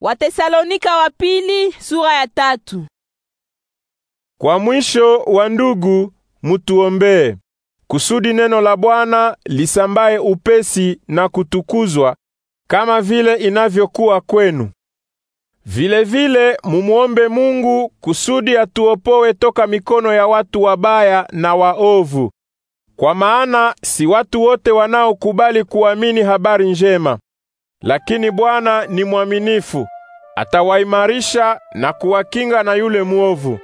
Watesalonika wa pili sura ya tatu. Kwa mwisho wa ndugu, mutuombee kusudi neno la Bwana lisambaye upesi na kutukuzwa kama vile inavyokuwa kwenu. vile vile mumuombe Mungu kusudi atuopoe toka mikono ya watu wabaya na waovu, kwa maana si watu wote wanaokubali kuamini habari njema. Lakini Bwana ni mwaminifu, atawaimarisha na kuwakinga na yule mwovu.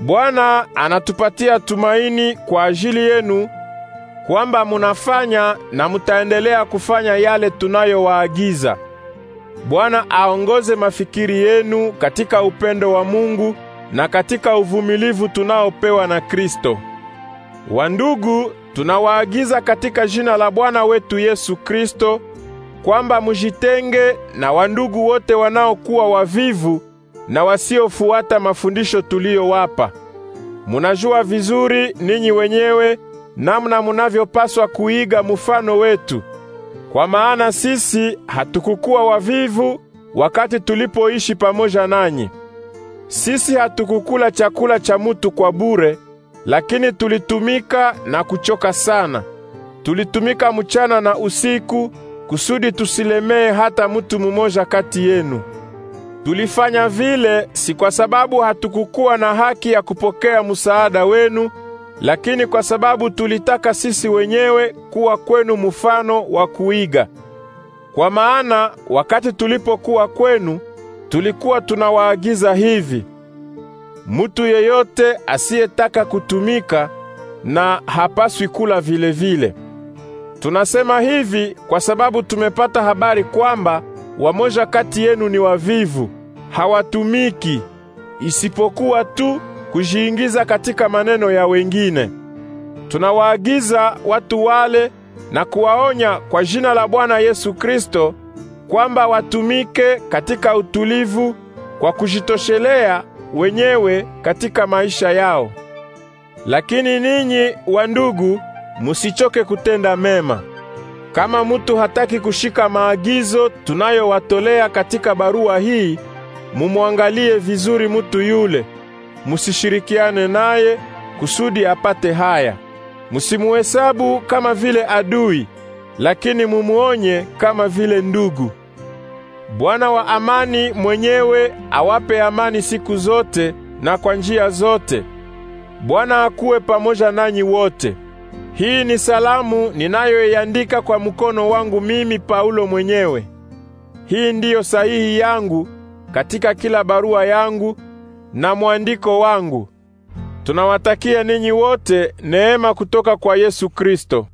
Bwana anatupatia tumaini kwa ajili yenu kwamba munafanya na mutaendelea kufanya yale tunayowaagiza. Bwana aongoze mafikiri yenu katika upendo wa Mungu na katika uvumilivu tunaopewa na Kristo. Wandugu, tunawaagiza katika jina la Bwana wetu Yesu Kristo kwamba mujitenge na wandugu wote wanaokuwa wavivu na wasiofuata mafundisho tuliyowapa. Munajua vizuri ninyi wenyewe namna munavyopaswa kuiga mfano wetu, kwa maana sisi hatukukuwa wavivu wakati tulipoishi pamoja nanyi. Sisi hatukukula chakula cha mutu kwa bure, lakini tulitumika na kuchoka sana. Tulitumika mchana na usiku kusudi tusilemee hata mtu mmoja kati yenu. Tulifanya vile si kwa sababu hatukukuwa na haki ya kupokea msaada wenu, lakini kwa sababu tulitaka sisi wenyewe kuwa kwenu mfano wa kuiga. Kwa maana wakati tulipokuwa kwenu tulikuwa tunawaagiza hivi: mutu yeyote asiyetaka kutumika na hapaswi kula vile vile. Tunasema hivi kwa sababu tumepata habari kwamba wamoja kati yenu ni wavivu, hawatumiki isipokuwa tu kujiingiza katika maneno ya wengine. Tunawaagiza watu wale na kuwaonya kwa jina la Bwana Yesu Kristo kwamba watumike katika utulivu kwa kujitoshelea wenyewe katika maisha yao. Lakini ninyi wandugu, musichoke kutenda mema. Kama mutu hataki kushika maagizo tunayowatolea katika barua hii, mumwangalie vizuri mutu yule, musishirikiane naye kusudi apate haya. Musimuhesabu kama vile adui, lakini mumuonye kama vile ndugu. Bwana wa amani mwenyewe awape amani siku zote na kwa njia zote. Bwana akuwe pamoja nanyi wote. Hii ni salamu ninayoiandika kwa mkono wangu mimi Paulo mwenyewe. Hii ndiyo sahihi yangu katika kila barua yangu na mwandiko wangu. Tunawatakia ninyi wote neema kutoka kwa Yesu Kristo.